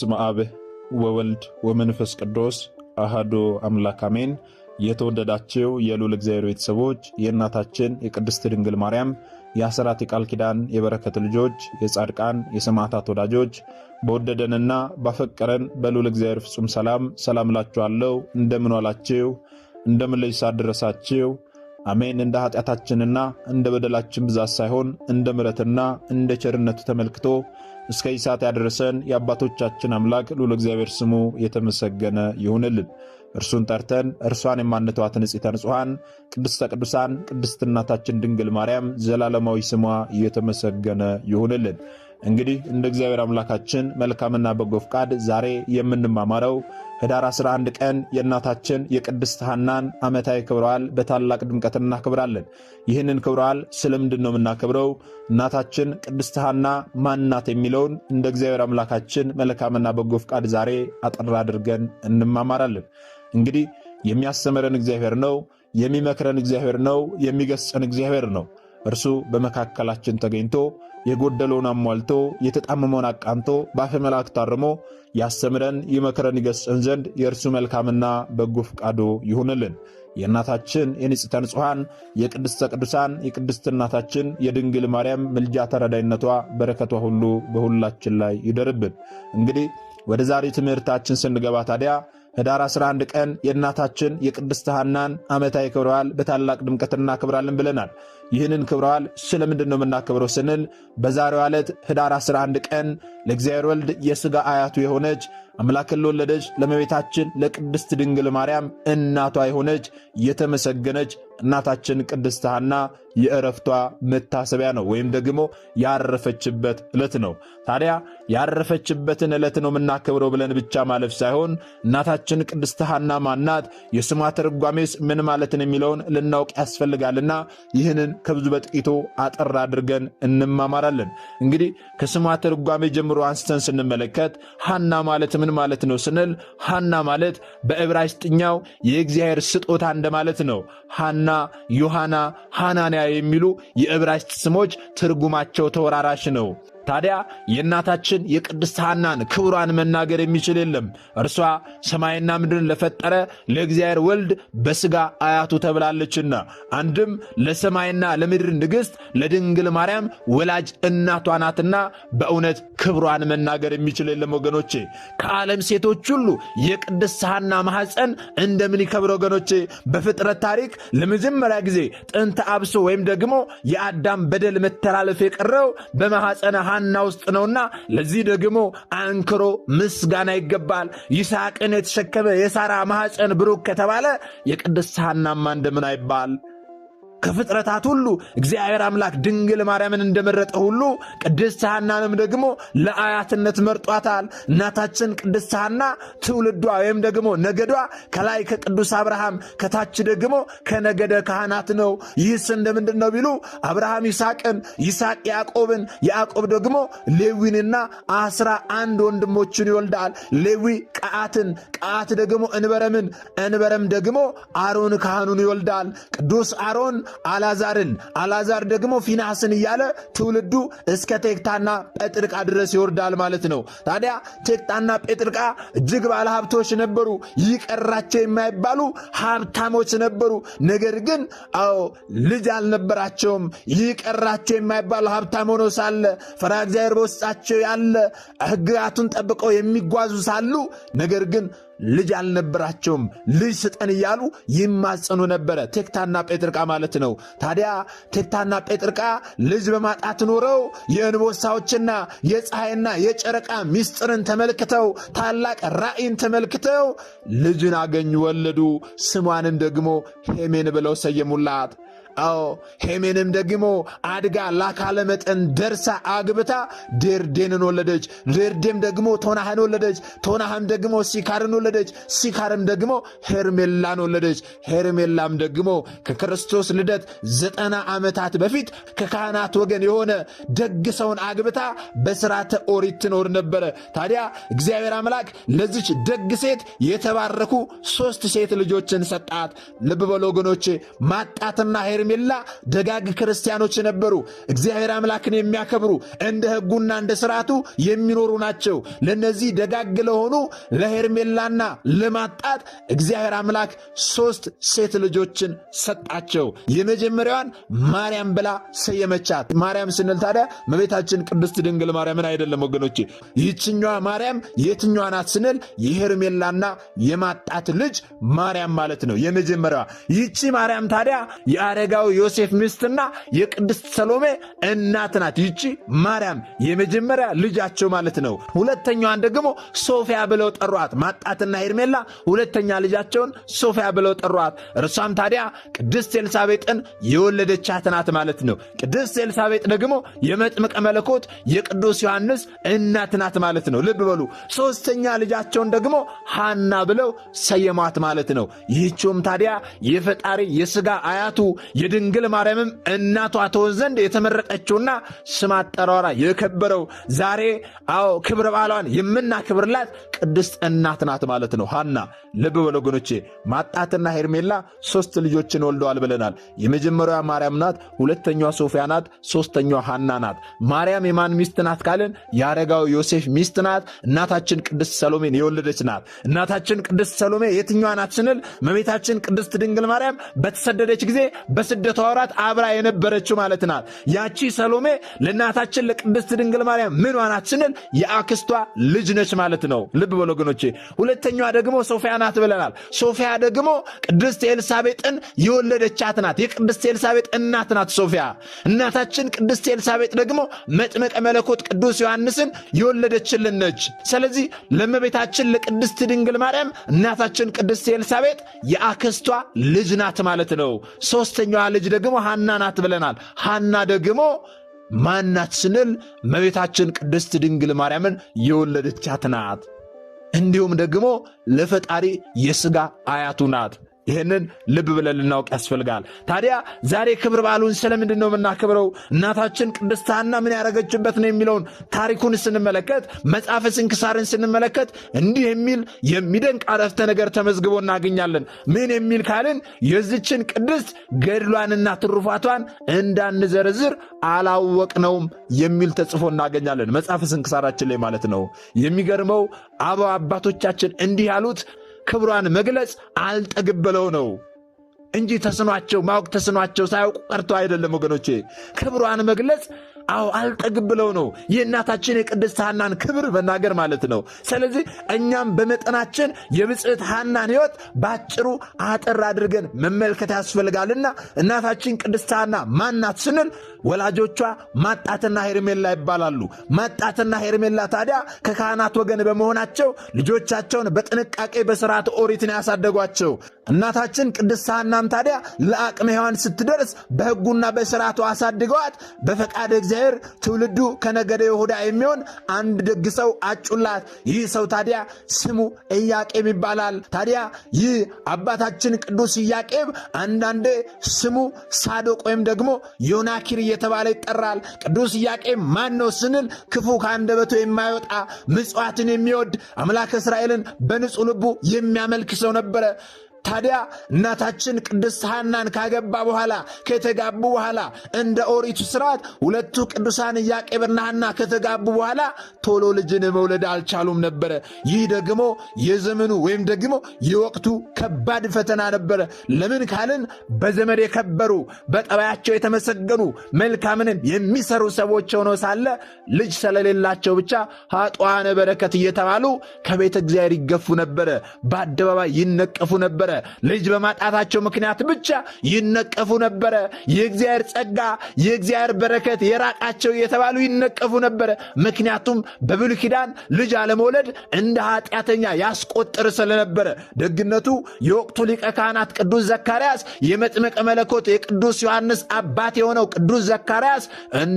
በስመ አብ ወወልድ ወመንፈስ ቅዱስ አሃዱ አምላክ አሜን። የተወደዳቸው የሉል እግዚአብሔር ቤተሰቦች የእናታችን የቅድስት ድንግል ማርያም የአስራት የቃል ኪዳን የበረከት ልጆች የጻድቃን የሰማዕታት ወዳጆች በወደደንና ባፈቀረን በሉል እግዚአብሔር ፍጹም ሰላም ሰላም ላችኋለሁ። እንደምን ዋላችሁ? እንደምን ለይሳ ደረሳችሁ? አሜን። እንደ ኃጢአታችንና እንደ በደላችን ብዛት ሳይሆን እንደ ምረትና እንደ ቸርነቱ ተመልክቶ እስከዚህ ሰዓት ያደረሰን የአባቶቻችን አምላክ ልዑል እግዚአብሔር ስሙ የተመሰገነ ይሁንልን። እርሱን ጠርተን እርሷን የማንተዋት ንጽሕተ ንጹሐን ቅድስተ ቅዱሳን ቅድስት እናታችን ድንግል ማርያም ዘላለማዊ ስሟ እየተመሰገነ ይሁንልን። እንግዲህ እንደ እግዚአብሔር አምላካችን መልካምና በጎ ፍቃድ ዛሬ የምንማማረው ህዳር 11 ቀን የእናታችን የቅድስት ሐናን ዓመታዊ ክብረዋል በታላቅ ድምቀት እናክብራለን። ይህንን ክብረዋል ስለምንድን ነው የምናከብረው? እናታችን ቅድስት ሐና ማንናት የሚለውን እንደ እግዚአብሔር አምላካችን መልካምና በጎ ፍቃድ ዛሬ አጠር አድርገን እንማማራለን። እንግዲህ የሚያስተምረን እግዚአብሔር ነው፣ የሚመክረን እግዚአብሔር ነው፣ የሚገስጸን እግዚአብሔር ነው። እርሱ በመካከላችን ተገኝቶ የጎደለውን አሟልቶ የተጣመመውን አቃንቶ በአፈ መልአክ ታርሞ ያስተምረን ይመክረን ይገስጸን ዘንድ የእርሱ መልካምና በጎ ፈቃዱ ይሁንልን። የእናታችን የንጽሕተ ንጹሐን የቅድስተ ቅዱሳን የቅድስት እናታችን የድንግል ማርያም ምልጃ ተረዳይነቷ በረከቷ ሁሉ በሁላችን ላይ ይደርብን። እንግዲህ ወደ ዛሬ ትምህርታችን ስንገባ ታዲያ ህዳር 11 ቀን የእናታችን የቅድስት ሐናን ዓመታዊ ክብረ በዓል በታላቅ ድምቀት እናከብራለን ብለናል። ይህንን ክብረ በዓል ስለምንድን ነው የምናከብረው ስንል በዛሬው ዕለት ህዳር 11 ቀን ለእግዚአብሔር ወልድ የሥጋ አያቱ የሆነች አምላክን ለወለደች ለመቤታችን ለቅድስት ድንግል ማርያም እናቷ የሆነች የተመሰገነች እናታችን ቅድስት ሐና የእረፍቷ መታሰቢያ ነው፣ ወይም ደግሞ ያረፈችበት ዕለት ነው። ታዲያ ያረፈችበትን ዕለት ነው የምናከብረው ብለን ብቻ ማለፍ ሳይሆን እናታችን ቅድስት ሐና ማናት፣ የስሟ ትርጓሜስ ምን ማለትን የሚለውን ልናውቅ ያስፈልጋልና ይህንን ከብዙ በጥቂቱ አጠር አድርገን እንማማራለን። እንግዲህ ከስሟ ትርጓሜ ጀምሮ አንስተን ስንመለከት ሐና ማለት ምን ማለት ነው ስንል ሐና ማለት በዕብራይስጥኛው የእግዚአብሔር ስጦታ እንደማለት ነው። ሐና ዮሐና ሐናንያ የሚሉ የዕብራይስጥ ስሞች ትርጉማቸው ተወራራሽ ነው። ታዲያ የእናታችን የቅድስት ሐናን ክብሯን መናገር የሚችል የለም። እርሷ ሰማይና ምድርን ለፈጠረ ለእግዚአብሔር ወልድ በሥጋ አያቱ ተብላለችና አንድም ለሰማይና ለምድር ንግሥት ለድንግል ማርያም ወላጅ እናቷ ናትና በእውነት ክብሯን መናገር የሚችል የለም። ወገኖቼ ከዓለም ሴቶች ሁሉ የቅድስት ሐና ማኅፀን እንደምን ይከብር ወገኖቼ። በፍጥረት ታሪክ ለመጀመሪያ ጊዜ ጥንተ አብሶ ወይም ደግሞ የአዳም በደል መተላለፍ የቀረው በማኅፀነ በሐና ውስጥ ነውና፣ ለዚህ ደግሞ አንክሮ ምስጋና ይገባል። ይስሐቅን የተሸከመ የሳራ ማኅፀን ብሩክ ከተባለ የቅድስት ሐናማ እንደምን አይባል? ከፍጥረታት ሁሉ እግዚአብሔር አምላክ ድንግል ማርያምን እንደመረጠ ሁሉ ቅድስት ሐናንም ደግሞ ለአያትነት መርጧታል። እናታችን ቅድስት ሐና ትውልዷ ወይም ደግሞ ነገዷ ከላይ ከቅዱስ አብርሃም ከታች ደግሞ ከነገደ ካህናት ነው። ይህስ እንደምንድን ነው ቢሉ አብርሃም ይስሐቅን፣ ይስሐቅ ያዕቆብን፣ ያዕቆብ ደግሞ ሌዊንና አስራ አንድ ወንድሞችን ይወልዳል። ሌዊ ቀዓትን፣ ቀዓት ደግሞ እንበረምን፣ እንበረም ደግሞ አሮን ካህኑን ይወልዳል። ቅዱስ አሮን አላዛርን አላዛር ደግሞ ፊናስን እያለ ትውልዱ እስከ ቴክታና ጴጥርቃ ድረስ ይወርዳል ማለት ነው። ታዲያ ቴክታና ጴጥርቃ እጅግ ባለ ሀብቶች ነበሩ። ይቀራቸው የማይባሉ ሀብታሞች ነበሩ። ነገር ግን አዎ ልጅ አልነበራቸውም። ይቀራቸው የማይባሉ ሀብታም ሆኖ ሳለ ፈራ እግዚአብሔር በውስጣቸው ያለ ሕግጋቱን ጠብቀው የሚጓዙ ሳሉ ነገር ግን ልጅ አልነበራቸውም። ልጅ ስጠን እያሉ ይማጸኑ ነበረ። ቴክታና ጴጥርቃ ማለት ነው። ታዲያ ቴክታና ጴጥርቃ ልጅ በማጣት ኖረው የእንቦሳዎችና የፀሐይና የጨረቃ ሚስጥርን ተመልክተው ታላቅ ራእይን ተመልክተው ልጅን አገኙ፣ ወለዱ። ስሟንም ደግሞ ሄሜን ብለው ሰየሙላት። አዎ ሄሜንም ደግሞ አድጋ ላካለመጠን መጠን ደርሳ አግብታ ዴርዴንን ወለደች። ድርዴም ደግሞ ቶናህን ወለደች። ቶናህም ደግሞ ሲካርን ወለደች። ሲካርም ደግሞ ሄርሜላን ወለደች። ሄርሜላም ደግሞ ከክርስቶስ ልደት ዘጠና ዓመታት በፊት ከካህናት ወገን የሆነ ደግ ሰውን አግብታ በስርዓተ ኦሪት ትኖር ነበረ። ታዲያ እግዚአብሔር አምላክ ለዚች ደግ ሴት የተባረኩ ሶስት ሴት ልጆችን ሰጣት። ልብ በሉ ወገኖቼ ማጣትና ሄር በሄርሜላ ደጋግ ክርስቲያኖች ነበሩ። እግዚአብሔር አምላክን የሚያከብሩ እንደ ሕጉና እንደ ስርዓቱ የሚኖሩ ናቸው። ለነዚህ ደጋግ ለሆኑ ለሄርሜላና ለማጣት እግዚአብሔር አምላክ ሶስት ሴት ልጆችን ሰጣቸው። የመጀመሪያዋን ማርያም ብላ ሰየመቻት። ማርያም ስንል ታዲያ መቤታችን ቅድስት ድንግል ማርያምን አይደለም ወገኖቼ። ይችኛዋ ማርያም የትኛዋ ናት ስንል የሄርሜላና የማጣት ልጅ ማርያም ማለት ነው። የመጀመሪያዋ ይቺ ማርያም ታዲያ የአረግ የአረጋዊ ዮሴፍ ሚስትና የቅድስት ሰሎሜ እናት ናት። ይቺ ማርያም የመጀመሪያ ልጃቸው ማለት ነው። ሁለተኛዋን ደግሞ ሶፊያ ብለው ጠሯት። ማጣትና ሄርሜላ ሁለተኛ ልጃቸውን ሶፊያ ብለው ጠሯት። እርሷም ታዲያ ቅድስት ኤልሳቤጥን የወለደቻት ናት ማለት ነው። ቅድስት ኤልሳቤጥ ደግሞ የመጥምቀ መለኮት የቅዱስ ዮሐንስ እናት ናት ማለት ነው። ልብ በሉ። ሦስተኛ ልጃቸውን ደግሞ ሐና ብለው ሰየሟት ማለት ነው። ይህችውም ታዲያ የፈጣሪ የሥጋ አያቱ የድንግል ማርያምም እናቷ ትሆን ዘንድ የተመረጠችውና ስም አጠራሯ የከበረው ዛሬ አዎ ክብረ በዓሏን የምናክብርላት ቅድስት እናት ናት ማለት ነው። ሐና ልብ በሉ ወገኖቼ፣ ማጣትና ሄርሜላ ሶስት ልጆችን ወልደዋል ብለናል። የመጀመሪያዋ ማርያም ናት፣ ሁለተኛዋ ሶፊያ ናት፣ ሶስተኛ ሐና ናት። ማርያም የማን ሚስት ናት ካልን የአረጋዊ ዮሴፍ ሚስት ናት። እናታችን ቅድስት ሰሎሜን የወለደች ናት። እናታችን ቅድስት ሰሎሜ የትኛዋ ናት ስንል መቤታችን ቅድስት ድንግል ማርያም በተሰደደች ጊዜ ስደት ወራት አብራ የነበረችው ማለት ናት። ያቺ ሰሎሜ ለእናታችን ለቅድስት ድንግል ማርያም ምን ናት ስንል የአክስቷ ልጅ ነች ማለት ነው። ልብ በሉ ወገኖቼ። ሁለተኛዋ ደግሞ ሶፊያ ናት ብለናል። ሶፊያ ደግሞ ቅድስት ኤልሳቤጥን የወለደቻት ናት። የቅድስት ኤልሳቤጥ እናት ናት ሶፊያ። እናታችን ቅድስት ኤልሳቤጥ ደግሞ መጥመቀ መለኮት ቅዱስ ዮሐንስን የወለደችልን ነች። ስለዚህ ለእመቤታችን ለቅድስት ድንግል ማርያም እናታችን ቅድስት ኤልሳቤጥ የአክስቷ ልጅ ናት ማለት ነው። ሶስተኛ ልጅ ደግሞ ሐና ናት ብለናል። ሐና ደግሞ ማናት ስንል መቤታችን ቅድስት ድንግል ማርያምን የወለደቻት ናት። እንዲሁም ደግሞ ለፈጣሪ የሥጋ አያቱ ናት። ይህንን ልብ ብለን ልናውቅ ያስፈልጋል። ታዲያ ዛሬ ክብር በዓሉን ስለምንድን ነው የምናክብረው? እናታችን ቅድስት ሐና ምን ያደረገችበት ነው የሚለውን ታሪኩን ስንመለከት፣ መጽሐፈ ስንክሳርን ስንመለከት እንዲህ የሚል የሚደንቅ አረፍተ ነገር ተመዝግቦ እናገኛለን። ምን የሚል ካልን የዚችን ቅድስት ገድሏንና ትሩፋቷን እንዳንዘርዝር አላወቅነውም የሚል ተጽፎ እናገኛለን። መጽሐፈ ስንክሳራችን ላይ ማለት ነው። የሚገርመው አበው አባቶቻችን እንዲህ ያሉት ክብሯን መግለጽ አልጠግበለው ነው እንጂ ተስኗቸው ማወቅ ተስኗቸው ሳያውቁ ቀርቶ አይደለም ወገኖቼ። ክብሯን መግለጽ አዎ አልጠግብ ብለው ነው የእናታችን የቅድስት ሐናን ክብር መናገር ማለት ነው። ስለዚህ እኛም በመጠናችን የብፅዕት ሐናን ሕይወት በአጭሩ አጠር አድርገን መመልከት ያስፈልጋልና እናታችን ቅድስት ሐና ማናት ስንል ወላጆቿ ማጣትና ሄርሜላ ይባላሉ። ማጣትና ሄርሜላ ታዲያ ከካህናት ወገን በመሆናቸው ልጆቻቸውን በጥንቃቄ በስርዓት ኦሪትን ያሳደጓቸው እናታችን ቅድስት ሐናም ታዲያ ለአቅመ ሔዋን ስትደርስ በሕጉና በስርዓቱ አሳድገዋት በፈቃድ እግዚአብሔር ብሔር ትውልዱ ከነገደ ይሁዳ የሚሆን አንድ ደግ ሰው አጩላት። ይህ ሰው ታዲያ ስሙ እያቄም ይባላል። ታዲያ ይህ አባታችን ቅዱስ እያቄም አንዳንዴ ስሙ ሳዶቅ ወይም ደግሞ ዮናኪር እየተባለ ይጠራል። ቅዱስ እያቄም ማን ነው ስንል ክፉ ከአንደበቱ የማይወጣ ምጽዋትን የሚወድ አምላክ እስራኤልን በንጹህ ልቡ የሚያመልክ ሰው ነበረ። ታዲያ እናታችን ቅድስት ሐናን ካገባ በኋላ ከተጋቡ በኋላ እንደ ኦሪቱ ስርዓት ሁለቱ ቅዱሳን ኢያቄምና ሐና ከተጋቡ በኋላ ቶሎ ልጅን መውለድ አልቻሉም ነበረ። ይህ ደግሞ የዘመኑ ወይም ደግሞ የወቅቱ ከባድ ፈተና ነበረ። ለምን ካልን በዘመድ የከበሩ በጠባያቸው የተመሰገኑ መልካምንም የሚሰሩ ሰዎች ሆነው ሳለ ልጅ ስለሌላቸው ብቻ ኃጥአነ በረከት እየተባሉ ከቤተ እግዚአብሔር ይገፉ ነበረ፣ በአደባባይ ይነቀፉ ነበረ። ነበረ። ልጅ በማጣታቸው ምክንያት ብቻ ይነቀፉ ነበረ። የእግዚአብሔር ጸጋ፣ የእግዚአብሔር በረከት የራቃቸው የተባሉ ይነቀፉ ነበረ። ምክንያቱም በብሉይ ኪዳን ልጅ አለመውለድ እንደ ኃጢአተኛ ያስቆጥር ስለነበረ ደግነቱ የወቅቱ ሊቀ ካህናት ቅዱስ ዘካርያስ የመጥምቀ መለኮት የቅዱስ ዮሐንስ አባት የሆነው ቅዱስ ዘካርያስ እንደ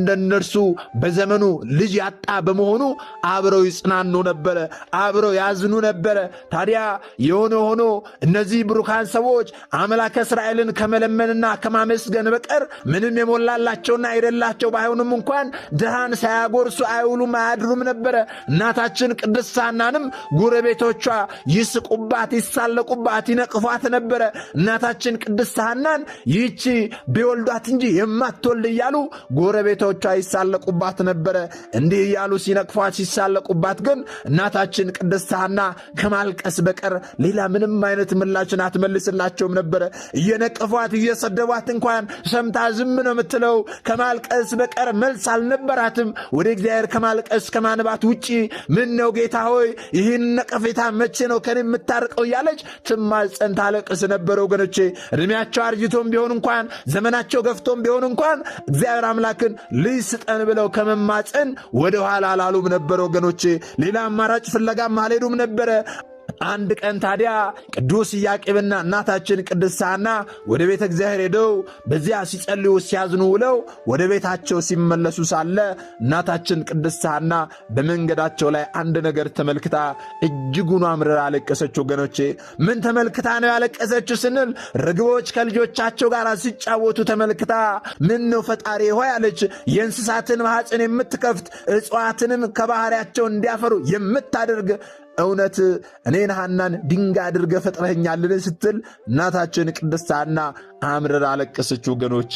በዘመኑ ልጅ ያጣ በመሆኑ አብረው ይጽናኑ ነበረ፣ አብረው ያዝኑ ነበረ። ታዲያ የሆነ ሆኖ እነዚህ እነዚህ ብሩካን ሰዎች አምላከ እስራኤልን ከመለመንና ከማመስገን በቀር ምንም የሞላላቸውና የሌላቸው ባይሆንም እንኳን ድሃን ሳያጎርሱ አይውሉም አያድሩም ነበረ። እናታችን ቅድስት ሐናንም ጎረቤቶቿ ይስቁባት፣ ይሳለቁባት፣ ይነቅፏት ነበረ። እናታችን ቅድስት ሐናን ይህቺ ቢወልዷት እንጂ የማትወልድ እያሉ ጎረቤቶቿ ይሳለቁባት ነበረ። እንዲህ እያሉ ሲነቅፏት ሲሳለቁባት ግን እናታችን ቅድስት ሐና ከማልቀስ በቀር ሌላ ምንም አይነት ምላሽ ጥያቄዎችን አትመልስላቸውም ነበረ። እየነቀፏት እየሰደቧት እንኳን ሰምታ ዝም ነው የምትለው። ከማልቀስ በቀር መልስ አልነበራትም። ወደ እግዚአብሔር ከማልቀስ ከማንባት ውጪ ምን ነው ጌታ ሆይ ይህን ነቀፌታ መቼ ነው ከኔ የምታርቀው? እያለች ትማጸን ታለቅስ ነበረ። ወገኖቼ እድሜያቸው አርጅቶም ቢሆን እንኳን ዘመናቸው ገፍቶም ቢሆን እንኳን እግዚአብሔር አምላክን ልጅ ስጠን ብለው ከመማፀን ወደኋላ አላሉም ነበረ። ወገኖቼ ሌላ አማራጭ ፍለጋም አልሄዱም ነበረ። አንድ ቀን ታዲያ ቅዱስ ኢያቄምና እናታችን ቅድስት ሐና ወደ ቤተ እግዚአብሔር ሄደው በዚያ ሲጸልዩ ሲያዝኑ ውለው ወደ ቤታቸው ሲመለሱ ሳለ እናታችን ቅድስት ሐና በመንገዳቸው ላይ አንድ ነገር ተመልክታ እጅጉን አምርራ አለቀሰች። ወገኖቼ ምን ተመልክታ ነው ያለቀሰችው ስንል ርግቦች ከልጆቻቸው ጋር ሲጫወቱ ተመልክታ ምን ነው ፈጣሪ ሆይ አለች። የእንስሳትን ማኅፀን የምትከፍት እጽዋትንም ከባሕርያቸው እንዲያፈሩ የምታደርግ እውነት እኔን ሐናን ድንጋይ አድርገ ፈጥረኸኛልን ስትል እናታችን ቅድስት ሐና አምረር አለቀሰች። ወገኖቼ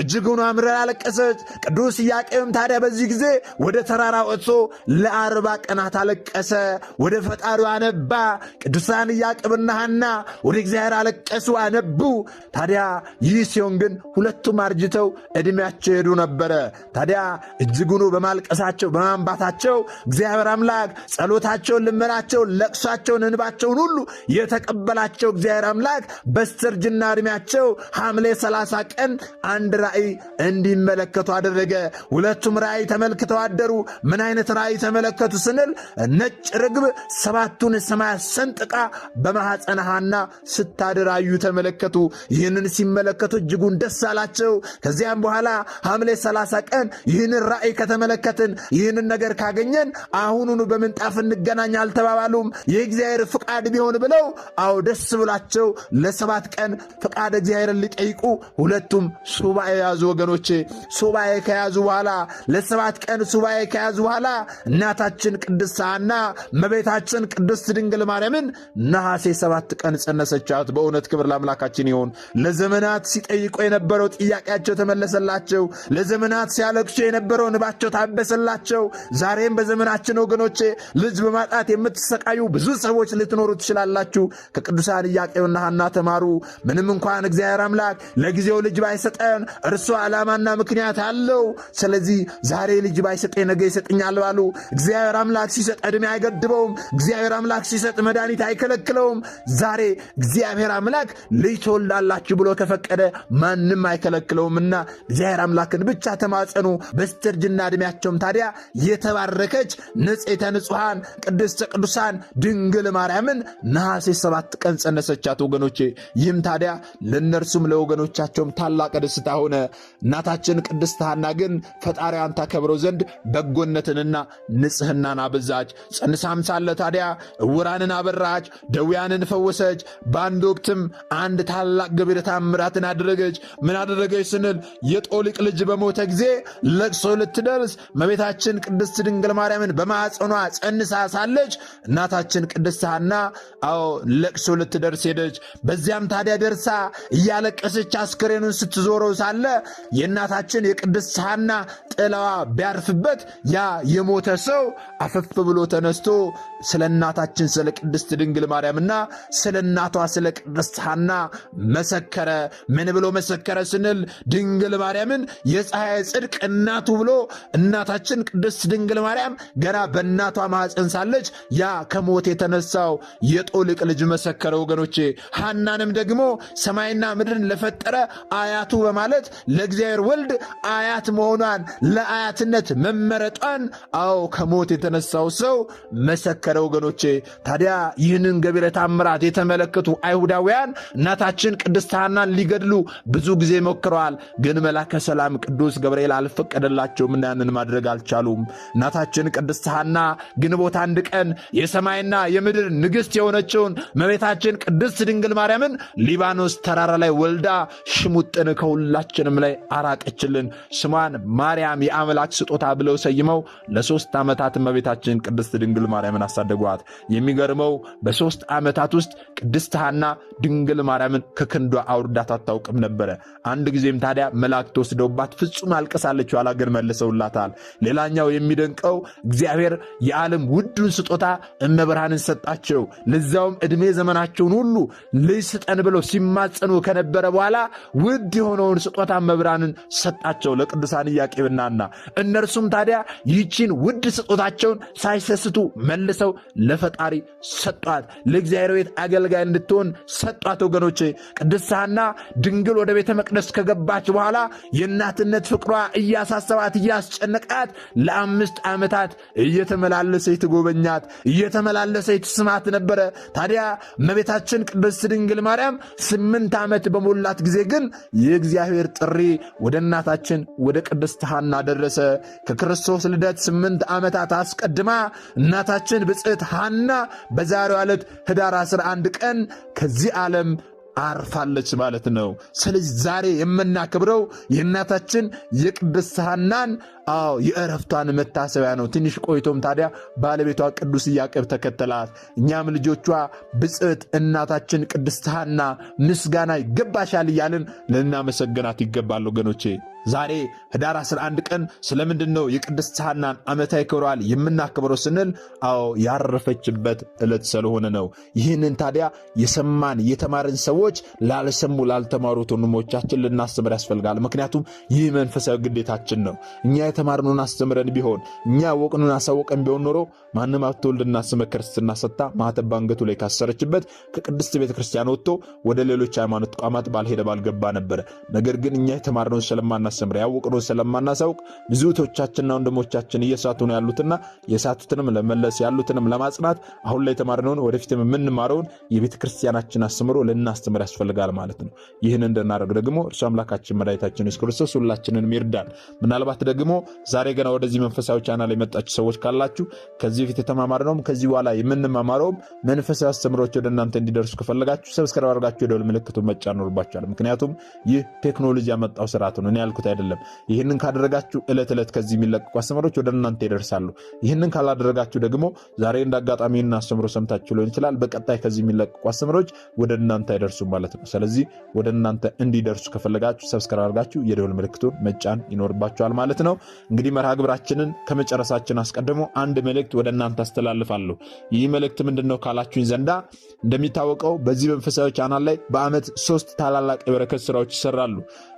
እጅጉን አምረር አለቀሰች። ቅዱስ ኢያቄም ታዲያ በዚህ ጊዜ ወደ ተራራ ወጥቶ ለአርባ ቀናት አለቀሰ፣ ወደ ፈጣሪው አነባ። ቅዱሳን ኢያቄምና ሐና ወደ እግዚአብሔር አለቀሱ፣ አነቡ። ታዲያ ይህ ሲሆን ግን ሁለቱም አርጅተው ዕድሜያቸው ሄዱ ነበረ። ታዲያ እጅጉኑ በማልቀሳቸው በማንባታቸው እግዚአብሔር አምላክ ጸሎታቸውን፣ ልመናቸውን፣ ለቅሷቸውን፣ እንባቸውን ሁሉ የተቀበላቸው እግዚአብሔር አምላክ በስተርጅና ዕድሜያቸው ብለው ሐምሌ 30 ቀን አንድ ራእይ እንዲመለከቱ አደረገ። ሁለቱም ራእይ ተመልክተው አደሩ። ምን አይነት ራእይ ተመለከቱ ስንል ነጭ ርግብ ሰባቱን ሰማያት ሰንጥቃ በማኅፀነ ሐና ስታደራዩ ተመለከቱ። ይህንን ሲመለከቱ እጅጉን ደስ አላቸው። ከዚያም በኋላ ሐምሌ 30 ቀን ይህንን ራእይ ከተመለከትን ይህንን ነገር ካገኘን አሁኑኑ በምንጣፍ እንገናኝ አልተባባሉም። የእግዚአብሔር ፍቃድ ቢሆን ብለው አዎ ደስ ብላቸው ለሰባት ቀን ፍቃድ እግዚአብሔር እግዚአብሔርን ሊጠይቁ ሁለቱም ሱባኤ የያዙ ወገኖቼ። ሱባኤ ከያዙ በኋላ ለሰባት ቀን ሱባኤ ከያዙ በኋላ እናታችን ቅድስት ሐና እመቤታችን ቅድስት ድንግል ማርያምን ነሐሴ ሰባት ቀን ጸነሰቻት። በእውነት ክብር ለአምላካችን ይሆን። ለዘመናት ሲጠይቁ የነበረው ጥያቄያቸው ተመለሰላቸው። ለዘመናት ሲያለቅሱ የነበረው እንባቸው ታበሰላቸው። ዛሬም በዘመናችን ወገኖቼ ልጅ በማጣት የምትሰቃዩ ብዙ ሰዎች ልትኖሩ ትችላላችሁ። ከቅዱሳን ኢያቄምና ሐና ተማሩ። ምንም እንኳን እግዚአብሔር አምላክ ለጊዜው ልጅ ባይሰጠን እርሱ ዓላማና ምክንያት አለው። ስለዚህ ዛሬ ልጅ ባይሰጠ ነገ ይሰጥኛል ባሉ እግዚአብሔር አምላክ ሲሰጥ ዕድሜ አይገድበውም። እግዚአብሔር አምላክ ሲሰጥ መድኃኒት አይከለክለውም። ዛሬ እግዚአብሔር አምላክ ልጅ ትወልዳላችሁ ብሎ ከፈቀደ ማንም አይከለክለውምና እግዚአብሔር አምላክን ብቻ ተማጸኑ። በስተርጅና ዕድሜያቸውም ታዲያ የተባረከች ንጽሕተ ንጹሐን ቅድስተ ቅዱሳን ድንግል ማርያምን ነሐሴ ሰባት ቀን ጸነሰቻት። ወገኖቼ ይህም ታዲያ ለእነርሱም ለወገኖቻቸውም ታላቅ ደስታ ሆነ። እናታችን ቅድስት ሐና ግን ፈጣሪ አንተ ዘንድ በጎነትንና ንጽሕናን አበዛች። ጸንሳም ሳለ ታዲያ እውራንን አበራች፣ ደውያንን ፈወሰች። በአንድ ወቅትም አንድ ታላቅ ግብረ ተአምራትን አደረገች። ምን አደረገች ስንል የጦሊቅ ልጅ በሞተ ጊዜ ለቅሶ ልትደርስ መቤታችን ቅድስት ድንግል ማርያምን በማዕፀኗ ጸንሳ ሳለች እናታችን ቅድስት ሐና አዎ ለቅሶ ልትደርስ ሄደች። በዚያም ታዲያ ደርሳ እያለቀሰች አስክሬኑን ስትዞረው ሳለ የእናታችን የቅድስት ሐና ጥላዋ ቢያርፍበት ያ የሞተ ሰው አፈፍ ብሎ ተነስቶ ስለ እናታችን ስለ ቅድስት ድንግል ማርያምና ስለ እናቷ ስለ ቅድስት ሐና መሰከረ። ምን ብሎ መሰከረ ስንል ድንግል ማርያምን የፀሐይ ጽድቅ እናቱ ብሎ እናታችን ቅድስት ድንግል ማርያም ገና በእናቷ ማኅፀን ሳለች ያ ከሞት የተነሳው የጦልቅ ልጅ መሰከረ። ወገኖቼ ሐናንም ደግሞ ሰማይና ምድርን ለፈጠረ አያቱ በማለት ለእግዚአብሔር ወልድ አያት መሆኗን ለአያትነት መመረጧን፣ አዎ ከሞት የተነሳው ሰው መሰከረ። ወገኖቼ ታዲያ ይህንን ገቢረ ተአምራት የተመለከቱ አይሁዳውያን እናታችን ቅድስት ሐናን ሊገድሉ ብዙ ጊዜ ሞክረዋል። ግን መላከ ሰላም ቅዱስ ገብርኤል አልፈቀደላቸው እና ያንን ማድረግ አልቻሉም። እናታችን ቅድስት ሐና ግንቦት አንድ ቀን የሰማይና የምድር ንግሥት የሆነችውን መቤታችን ቅድስት ድንግል ማርያምን ሊባኖስ ተራራ ላይ ወልዳ ሽሙጥን ከሁላችንም ላይ አራቀችልን። ስሟን ማርያም የአምላክ ስጦታ ብለው ሰይመው ለሶስት ዓመታት እመቤታችን ቅድስት ድንግል ማርያምን አሳደጓት። የሚገርመው በሶስት ዓመታት ውስጥ ቅድስት ሐና ድንግል ማርያምን ከክንዷ አውርዳት አታውቅም ነበረ። አንድ ጊዜም ታዲያ መልአክ ተወስደውባት ፍጹም አልቀሳለች፣ ኋላ ግን መልሰውላታል። ሌላኛው የሚደንቀው እግዚአብሔር የዓለም ውዱን ስጦታ እመብርሃንን ሰጣቸው። ለዚያውም ዕድሜ ዘመናቸውን ሁሉ ልጅ ስጠን ብለው ሲማጸኑ ከነበረ በኋላ ውድ የሆነውን ስጦታ መብራንን ሰጣቸው ለቅዱሳን ኢያቄምናና እነርሱም ታዲያ ይቺን ውድ ስጦታቸውን ሳይሰስቱ መልሰው ለፈጣሪ ሰጧት። ለእግዚአብሔር ቤት አገልጋይ እንድትሆን ሰጧት። ወገኖቼ ቅድስት ሐና ድንግል ወደ ቤተ መቅደስ ከገባች በኋላ የእናትነት ፍቅሯ እያሳሰባት እያስጨነቃት ለአምስት ዓመታት እየተመላለሰ ትጎበኛት እየተመላለሰ ትስማት ነበረ። ታዲያ እመቤታችን ቅድስት ድንግል ማርያም ስምንት ዓመት ዓመት በሞላት ጊዜ ግን የእግዚአብሔር ጥሪ ወደ እናታችን ወደ ቅድስት ሐና ደረሰ። ከክርስቶስ ልደት ስምንት ዓመታት አስቀድማ እናታችን ብፅዕት ሐና በዛሬው ዕለት ህዳር 11 ቀን ከዚህ ዓለም አርፋለች ማለት ነው። ስለዚህ ዛሬ የምናከብረው የእናታችን የቅድስት ሐናን አዎ የእረፍቷን መታሰቢያ ነው። ትንሽ ቆይቶም ታዲያ ባለቤቷ ቅዱስ ኢያቄም ተከተላት። እኛም ልጆቿ ብፅዕት እናታችን ቅድስት ሐና ምስጋና ይገባሻል እያልን ልናመሰግናት ይገባል ወገኖቼ። ዛሬ ህዳር 11 ቀን ስለምንድን ነው የቅድስት ሐናን ዓመታዊ ክብሯል የምናከብረው ስንል፣ አዎ ያረፈችበት ዕለት ስለሆነ ነው። ይህንን ታዲያ የሰማን የተማርን ሰዎች ላልሰሙ ላልተማሩት ወንድሞቻችን ልናስተምር ያስፈልጋል። ምክንያቱም ይህ መንፈሳዊ ግዴታችን ነው። እኛ የተማርነውን አስተምረን ቢሆን እኛ ያወቅነውን አሳወቀን ቢሆን ኖሮ ማንም አትወልድና ስመ ክርስትና ሰታ ማኅተብ ባንገቱ ላይ ካሰረችበት ከቅድስት ቤተ ክርስቲያን ወጥቶ ወደ ሌሎች ሃይማኖት ተቋማት ባልሄደ ባልገባ ነበረ። ነገር ግን እኛ የተማርነውን ስለማናስተምር ያወቅነውን ስለማናሳውቅ ብዙ እህቶቻችንና ወንድሞቻችን እየሳቱ ነው ያሉትና የሳቱትንም ለመለስ ያሉትንም ለማጽናት አሁን ላይ የተማርነውን ወደፊትም የምንማረውን የቤተ ክርስቲያናችን አስተምሮ ልናስተምር ያስፈልጋል ማለት ነው። ይህን እንድናደርግ ደግሞ እርሱ አምላካችን መድኃኒታችን ኢየሱስ ክርስቶስ ሁላችንንም ይርዳል። ምናልባት ደግሞ ዛሬ ገና ወደዚህ መንፈሳዊ ቻናል የመጣችሁ ሰዎች ካላችሁ ከዚህ በፊት የተማማርነውም ከዚህ በኋላ የምንማማረውም መንፈሳዊ አስተምሮች ወደ እናንተ እንዲደርሱ ከፈለጋችሁ ሰብስክራይብ አድርጋችሁ የደወል ምልክቱ መጫ ይኖርባችኋል። ምክንያቱም ይህ ቴክኖሎጂ ያመጣው ስርዓት ነው፣ እኔ ያልኩት አይደለም። ይህንን ካደረጋችሁ እለት ዕለት ከዚህ የሚለቀቁ አስተምሮች ወደ እናንተ ይደርሳሉ። ይህንን ካላደረጋችሁ ደግሞ ዛሬ እንደ አጋጣሚ ይህን አስተምሮ ሰምታችሁ ሊሆን ይችላል። በቀጣይ ከዚህ የሚለቀቁ አስተምሮች ወደ እናንተ አይደርሱም ማለት ነው። ስለዚህ ወደ እናንተ እንዲደርሱ ከፈለጋችሁ ሰብስክራይብ አድርጋችሁ የደወል ምልክቱን መጫን ይኖርባችኋል ማለት ነው። እንግዲህ መርሃ ግብራችንን ከመጨረሳችን አስቀድሞ አንድ መልእክት ወደ እናንተ አስተላልፋለሁ። ይህ መልእክት ምንድን ነው ካላችሁኝ ዘንዳ እንደሚታወቀው በዚህ መንፈሳዊ ቻናል ላይ በዓመት ሶስት ታላላቅ የበረከት ስራዎች ይሰራሉ።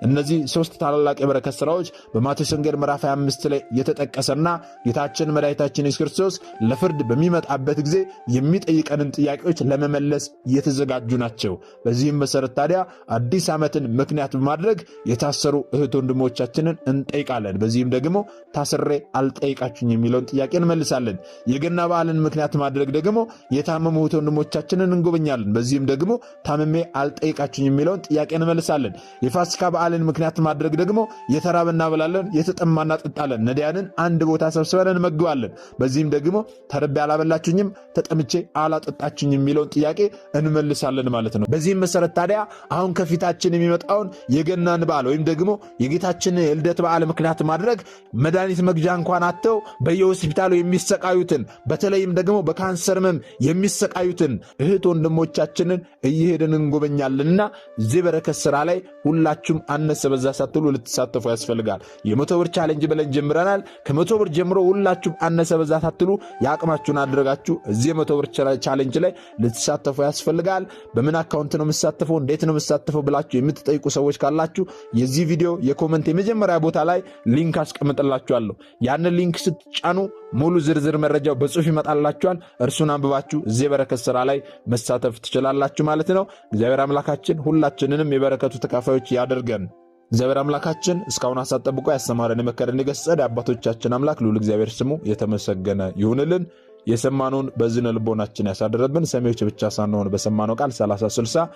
እነዚህ ሶስት ታላላቅ የበረከት ስራዎች በማቴዎስ ወንጌል ምዕራፍ 25 ላይ የተጠቀሰና ጌታችን መድኃኒታችን ኢየሱስ ክርስቶስ ለፍርድ በሚመጣበት ጊዜ የሚጠይቀንን ጥያቄዎች ለመመለስ የተዘጋጁ ናቸው። በዚህም መሰረት ታዲያ አዲስ ዓመትን ምክንያት በማድረግ የታሰሩ እህት ወንድሞቻችንን እንጠይቃለን። በዚህም ደግሞ ታስሬ አልጠይቃችሁኝ የሚለውን ጥያቄ እንመልሳለን። የገና በዓልን ምክንያት ማድረግ ደግሞ የታመሙ ወንድሞቻችንን እንጎበኛለን። በዚህም ደግሞ ታምሜ አልጠይቃችሁኝ የሚለውን ጥያቄ እንመልሳለን። የፋሲካ በዓልን ምክንያት ማድረግ ደግሞ የተራበ እናበላለን፣ የተጠማ እናጠጣለን፣ ነዳያንን አንድ ቦታ ሰብስበን እንመግባለን። በዚህም ደግሞ ተርቤ አላበላችሁኝም፣ ተጠምቼ አላጠጣችሁኝ የሚለውን ጥያቄ እንመልሳለን ማለት ነው። በዚህም መሰረት ታዲያ አሁን ከፊታችን የሚመጣውን የገናን በዓል ወይም ደግሞ የጌታችን የልደት በዓል ምክንያት ማድረግ መድኃኒት መግዣ እንኳን አጥተው በየሆስፒታሉ የሚሰቃዩትን በተለይም ደግሞ በካንሰር ህመም የሚሰቃዩትን እህት ወንድሞቻችንን እየሄድን እንጎበኛለንና እዚህ በረከት ስራ ላይ ሁላችሁም አነሰ በዛ ሳትሉ ልትሳተፉ ያስፈልጋል። የመቶ ብር ቻለንጅ ብለን ጀምረናል። ከመቶ ብር ጀምሮ ሁላችሁም አነሰ በዛ ሳትሉ የአቅማችሁን አድርጋችሁ እዚህ የመቶ ብር ቻለንጅ ላይ ልትሳተፉ ያስፈልጋል። በምን አካውንት ነው የምሳተፈው፣ እንዴት ነው የምሳተፈው ብላችሁ የምትጠይቁ ሰዎች ካላችሁ የዚህ ቪዲዮ የኮመንት የመጀመሪያ ቦታ ላይ ሊንክ አስቀምጥላችኋለሁ። ያንን ሊንክ ስትጫኑ ሙሉ ዝርዝር መረጃው በጽሁፍ ይመጣላችኋል። እርሱን አንብባችሁ እዚህ የበረከት ስራ ላይ መሳተፍ ትችላላችሁ ማለት ነው። እግዚአብሔር አምላካችን ሁላችንንም የበረከቱ ተካፋዮች ያደርገን። እግዚአብሔር አምላካችን እስካሁን አሳጠብቆ ጠብቆ ያስተማረን የመከረን የገሰጸን የአባቶቻችን አምላክ ልዑል እግዚአብሔር ስሙ የተመሰገነ ይሁንልን። የሰማነውን በዝነ ልቦናችን ያሳደረብን ሰሚዎች ብቻ ሳንሆን በሰማነው ቃል 30 60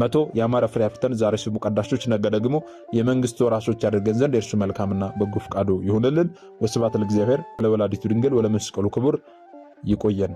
መቶ የአማረ ፍሬ አፍርተን ዛሬ ስሙ ቀዳሾች ነገ ደግሞ የመንግስቱ ወራሾች ያደርገን ዘንድ የእርሱ መልካምና በጎ ፍቃዱ ይሁንልን። ወስብሐት ለእግዚአብሔር ለወላዲቱ ድንግል ወለመስቀሉ ክቡር። ይቆየን።